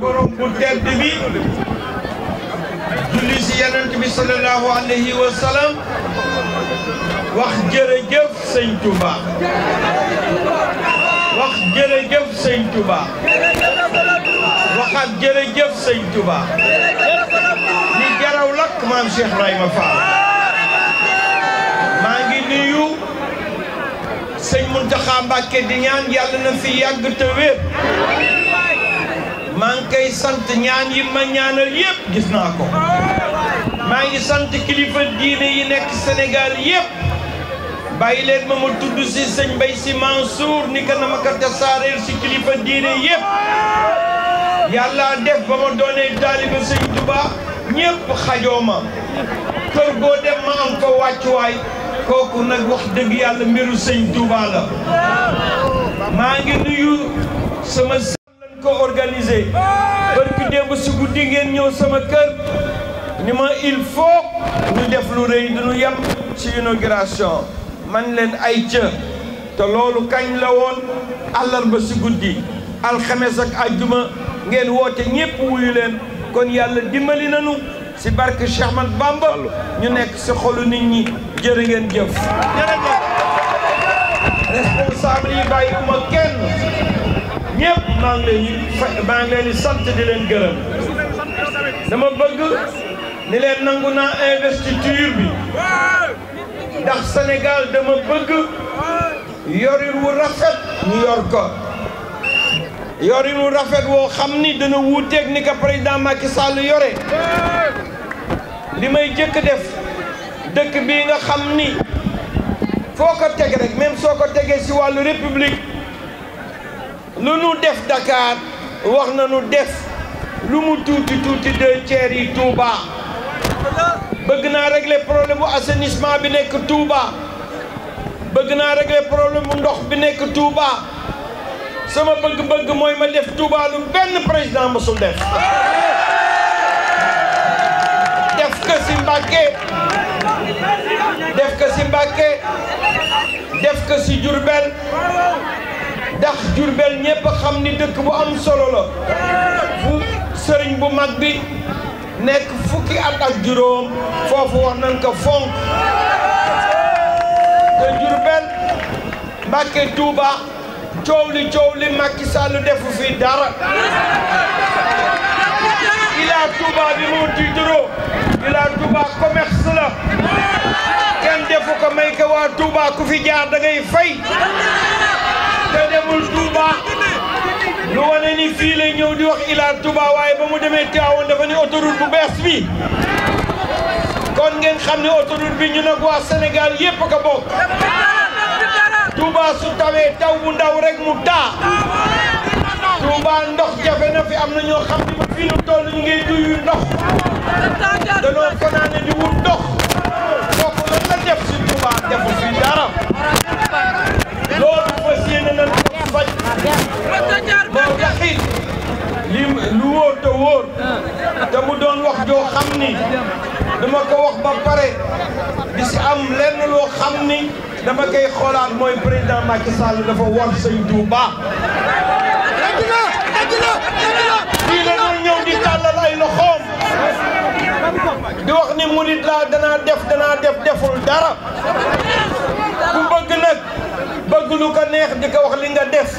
borom bu tedd bi julli si yonent bi sallallahu alayhi wa sallam wax jërëjëf jërëjëf sëñ Touba waxaat jërëjëf sëñ Touba ni jaraw lakk maam Cheikh Ibrahima Fall nuyu sëñ Mountakha Mbacké di ñaan yàlla na fi yàgg te maa ngi koy sant ñaan yi ma ñaanal yépp gis naa ko maa ngi sant kilifa diine yi nekk Sénégal yépp bàyyi leen ma ma tudd si sëñ Mbaye Sy Mansour ni ko na ma ko tasaareel si kilifa diine yépp yàlla def ba ma doonee taaliba sëñ Touba ñépp xajoo ma kër goo dem ma am ko wàccuwaay kooku nag wax dëgg yàlla mbiru sëñ Touba la maa ngi nuyu sama ko organisé barki démb si guddi ngeen ñëw sama kër ni ma il faut ñu def lu rëy duñu yem ci inauguration man leen ay ca te loolu kañ la woon àllarba si guddi alxames ak àjjuma ngeen woote ñépp wuyu leen kon yàlla dimbali nañu si barke Cheikh Ahmad Bamba ñu nekk si xolu nit ñi jërë ngeen jëf. responsable yi bàyyi ma kenn. ñëpp maa ngi leen di maa ngi leen di sant di leen gërëm dama bëgg ni leen nangu naa investiture bi ndax Sénégal dama bëgg yorin wu rafet ñu yor ko yorin wu rafet woo xam ni dana wuuteeg ni ko président Macky Sall yore li may jëkk def dëkk bii nga xam ni foo ko teg rek même soo ko tegee si wàllu république lu nu def Dakar wax na nu def lu mu tuuti tuuti deux tiers yi bëgg naa régler problème bu assainissement bi nekk Touba bëgg naa régler problème bu ndox bi nekk Touba sama bëgg-bëgg mooy ma def Touba lu benn président mosul def def ko def ko si Mbàkke def ko si Jurbel ndax Jurbel ñépp xam ni dëkk bu am solo fu sëriñ bu mag bi nekk fukki at ak juróom foofu wax nañ ko fonk te Jurbel Mbàkke Tuuba coow li coow li Macky Sall defu fi dara Ila Touba bi mu tiitaroo Ila Touba commerce la kenn defu ko may ko waa Touba ku fi jaar da ngay fay te demul Touba lu wane ni fii lay ñëw di wax Ila Touba waaye ba mu demee Tivaouane dafa ne autoroute bu bees bi kon ngeen xam ne autoroute bi ñu nag waa Sénégal yépp ko bokk Touba su tawee taw bu ndaw rek mu taa Touba ndox jafe na fi am na ñoo xam ne ba fii lu toll ñu ngi duyu ndox danoo fanaane di wut ndox ma ko wax di ni dama xoolaat mooy président Macky Sall dafa war sëñ Touba. fii la doon ay loxoom di wax ni murit laa danaa def danaa def deful dara ku bëgg nag bëgg lu ko neex di ko wax li nga def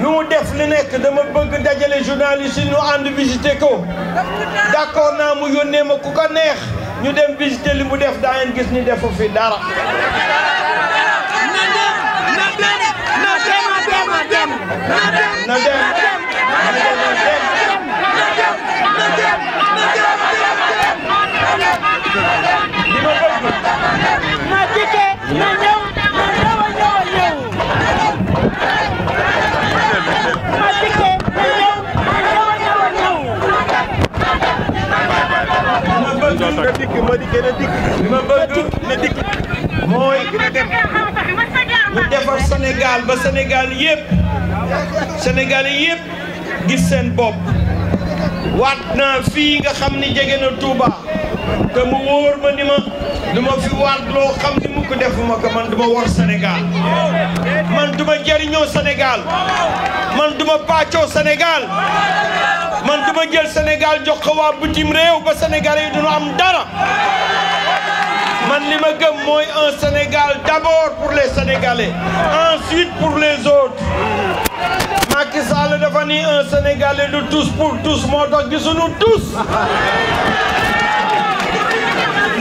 lu mu def li nekk dama bëgg dajale journaliste yi ñu ànd visité ko d'accord naa mu yónnee ma ku ko neex ñu dem visiter li mu def daa ngeen gis ni defu dara. na dem na dem na dem. na dikk ma dikkee na dikk. ma dikk. mooy dina defar Sénégal ba Sénégal yëpp. Sénégal yëpp gis seen bopp. waat naa fii nga xam ni jege na Touba. te mu wóor ma ni ma du fi waat loo xam ni mukk defuma ko man du ma wor Sénégal man du ma jëriñoo Sénégal man du ma pàccoo dafa jël Sénégal jox réew ba Sénégalais yi am dara man li ma gëm mooy un Sénégal d'abord pour les Sénégalais ensuite pour les autres Macky Sall dafa ni un Sénégalais de tous pour tous moo tax gisuñu tous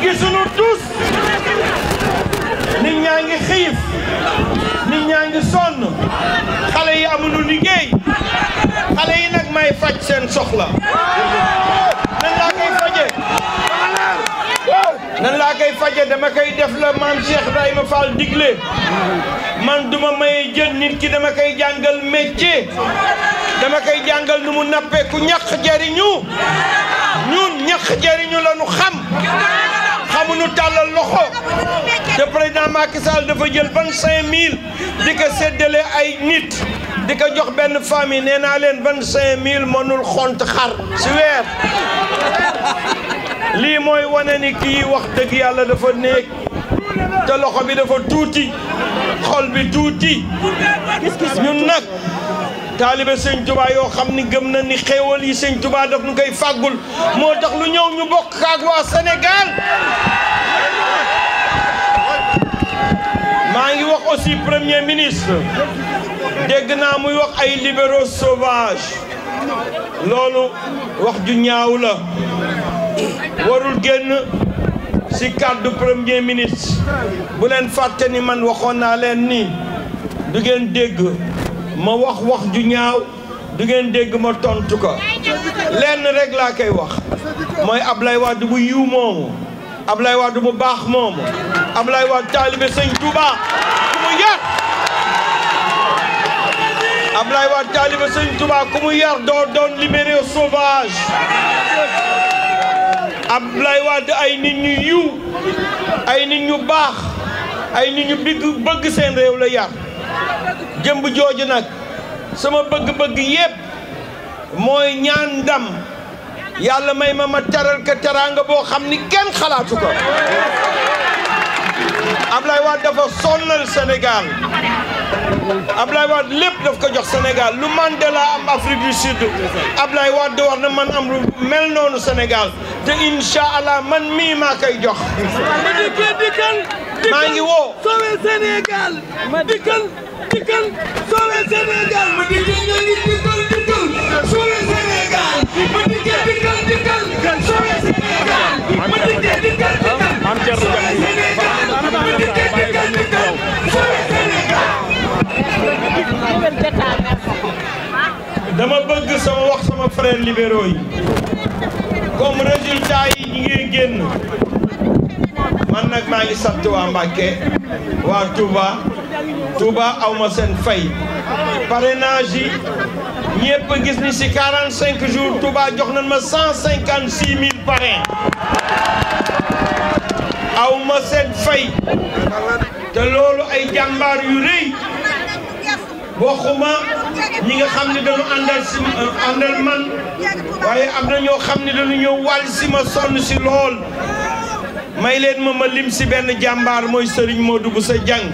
gisuñu tous nit ñaa ngi xiif nit ñaa ngi sonn xale liggéey may seen soxla nan laa koy faje dama koy def la maam Cheikh Ibrahima Fall digle man duma may jën nit ki dama koy jàngal métier dama koy jàngal nu mu nappee ku ñax jariñu ñun ñax jariñu la nu xam xamuñu tàllal loxo te président Macky dafa jël vingt-cinq mille di ko séddale ay nit di ko jox benn famille nee naa leen ban cinq mille mënul xont xar si weer lii mooy wane ni kii wax dëgg yàlla dafa néeg te loxo bi dafa tuuti xol bi tuuti ñu nag taalibe seen Tuubaa yoo xam ni gëm na ni xéewal yi seen Tuubaa daf ñu koy fàggul moo tax lu ñëw ñu bokk ak waa Sénégal maa ngi wax aussi premier ministre dégg naa muy wax ay libéraux sauvages loolu wax ju ñaaw la warul génn ci kàddu premier ministre bu leen fàtte ni man waxoon naa leen ni du ngeen dégg ma wax wax ju ñaaw du ngeen dégg ma tontu ko lenn rek laa koy wax mooy Ablaye Wade bu yiw moomu Ablaye Wade bu baax moomu Ablaye Wade taalibe Sëñ Tuubaa ku mu yar Abdoulaye Wade taaliba Sëñ Tuubaa ku mu yar doo doon libéré sauvage Abdoulaye Wade ay nit ñu yiw ay nit ñu baax ay nit ñu bigg bëgg seen réew la yar jëmb jooju nag sama bëgg-bëgg yépp mooy ñaan ndam yàlla may ma ma teral ka teraanga boo xam ni kenn xalaatu ko Ablaye Wade dafa sonnal Sénégal Ablaye Wade lépp daf ko jox Sénégal lu Mandela am Afrique du Sud Ablaye Wade war man am mel noonu Sénégal te incha allah man mii maa koy jox. maa ngi woo soowee soowee Sénégal ma dikkal dikkal dikkal soowee soowee Sénégal frères libéraux yi comme résultat yi ñi ngi génn man nag maa ngi sant waa Mbacké waa Touba Touba awma seen fay parrainage yi ñëpp gis ni ci 45 jours Touba jox nañ ma 156 000 parrains awma seen fay te loolu ay jàmbaar yu rëy waxuma ñi nga xam ne dañu àndal si euh, àndal man waaye am na ñoo xam ne dañu ñëw wàll si ma sonn si lool may leen ma ma lim si benn jàmbaar mooy sëriñ moo dugg sa jàng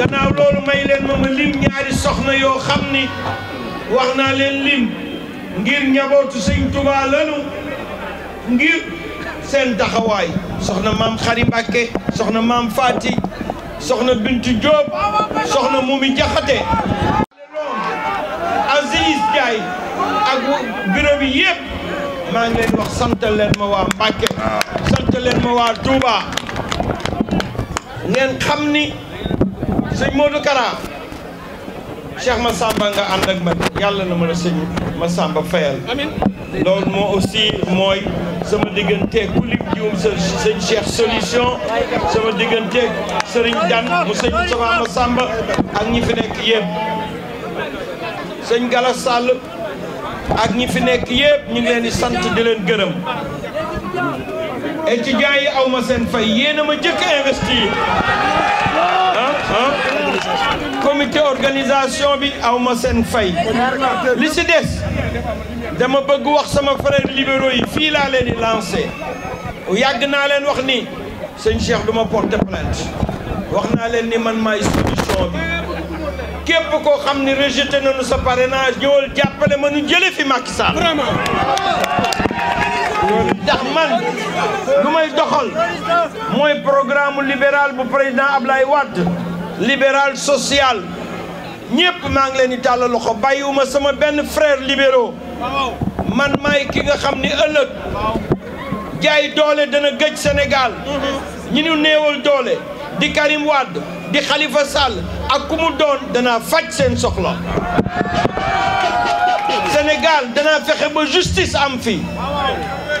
gannaaw loolu may leen ma ma lim ñaari soxna yoo xam ni wax naa leen lim ngir njabootu sëñ Tuubaa ngir seen taxawaay soxna maam Xari Mbàkke soxna maam Faati soxna Bintu Diop soxna Mumi Jaxate Aziz Gaye ak bureau bi yëpp maa ngi leen wax sant leen ma waa Mbàkke sant ma waa Touba ngeen xam ni sëñ Modou Kara Cheikh Massamba nga ànd ak man yàlla na mën a sëñ Massamba fayal loolu moo aussi mooy sama digganteeg ku lim juum sa sëñ Cheikh solution sama digganteeg sëriñ Dan mu sëñ Sama Samba ak ñi fi nekk yëpp sëñ Gala sàll ak ñi fi nekk yëpp ñu ngi leen di sant di leen gërëm étudiants yi aw ma seen fay yéen a ma jëkk investir ah, ah. comité bi ma seen fay li si des dama bëgg wax sama frère libéraux yi fii laa leen di lancé yàgg naa leen wax ni sëñ Cheikh du ma porter plainte wax naa leen ni man maay solution bi képp koo xam ni rejeté nañu sa parrainage ñëwal jàppale ma nu jële fi Macky ndax man lu may doxal mooy programme libéral bu président Ablaye Wade libéral social ñëpp maa ngi leen di tàllal loxo bàyyiwuma sama benn frère libéraux man maay ki nga xam ni ëllëg jaay doole dana gëj senegaal ñi ñu neewal doole di Karim wàdd di Khalifa sàll ak ku mu doon danaa faj seen soxla Sénégal dana fexe ba justice am fi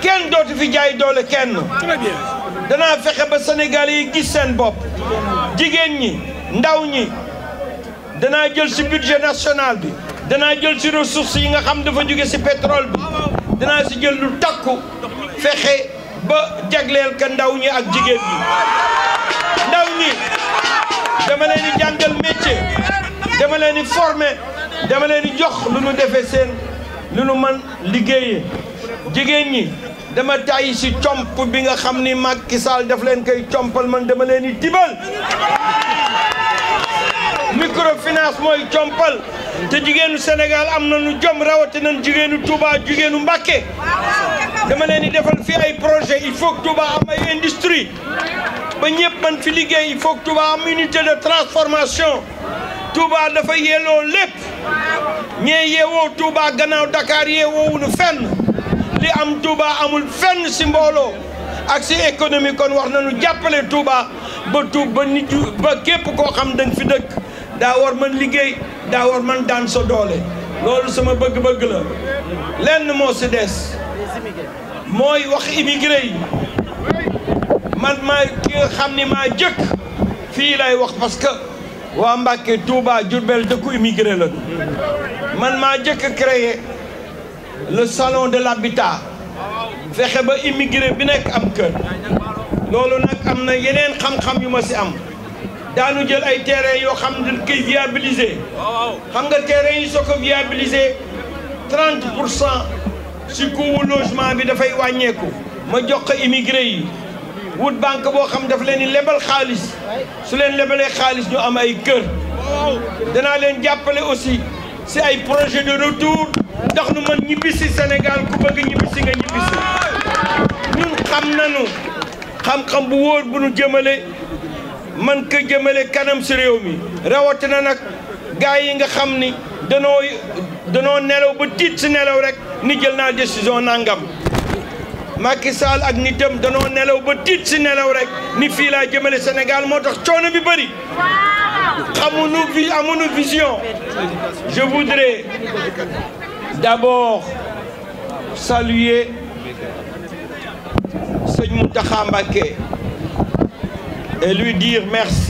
kenn dootu fi jaay doole kenn danaa fexe ba Sénégal yi gis seen bopp jigéen ñi ndaw ñi danaa jël si budget national bi danaa jël si ressources yi nga xam dafa jóge si petrol bi danaa ci jël lu takku fexe ba jagleel ka ndaw ñi ak jigéen ñi ndaw ñi dama leen di jàngal métier dama leen di former dama leen di jox lu nu defee seen lu nu mën liggéeyee jigéen ñi dama tàyyi si comp bi nga xam ni Macky Sall leen koy compal man dama leen di tibal microfinance mooy compal te jigéenu Sénégal am na nu jom rawatina jigéenu Touba jigéenu Mbacké dama leen di defal fi ay projet il faut que am industrie ba ñëpp man fi liggéey il faut que am unité de transformation Touba dafa yelloo lépp ñee yeewoo Touba gannaaw Dakar yeewoowunu fenn li am Touba amul fenn si mbooloo ak si économie kon wax nañu jàppale Touba ba Touba nit ba képp ko xam dañ fi dëkk daa war man liggéey daa war man daan sa doole loolu sama bëgg-bëgg la lenn moo si des mooy wax immigré yi man maa ki xam ni maa jëkk fii lay wax parce que waa Mbàkke Touba Diourbel dëkku immigré la man maa jëkk créer le salon de l'habitat fexe ba immigré bi nekk am kër loolu nag am na yeneen xam-xam yu ma si am daanu jël ay terrain yoo xam ne dañ koy viabiliser nga terrain yi soo ko viabiliser 30 pour cent si coût logement bi dafay wàññeeku ma jox ko immigré yi wut banque boo xam daf leen di lebal xaalis su leen lebalee xaalis ñu am ay kër danaa leen jàppale aussi si ay projet de retour ndax nu mën ñibbisi Sénégal ku bëgg ñibbisi nga ñibbisi ñun xam nañu xam-xam bu wóor bu nu jëmale man ko jëmale kanam si réew mi na nag gars yi nga xam ni danoo danoo nelaw ba tiit si nelaw rek ni jël naa décision nangam Macky Sall ak nitam danoo nelaw ba tiit si nelaw rek ni fii laa jëmale Sénégal moo tax coono bi bari amuñu vi amuñu vision je voudrais d'abord saluer sëñ Mountakha Mbacké et lui dire merci.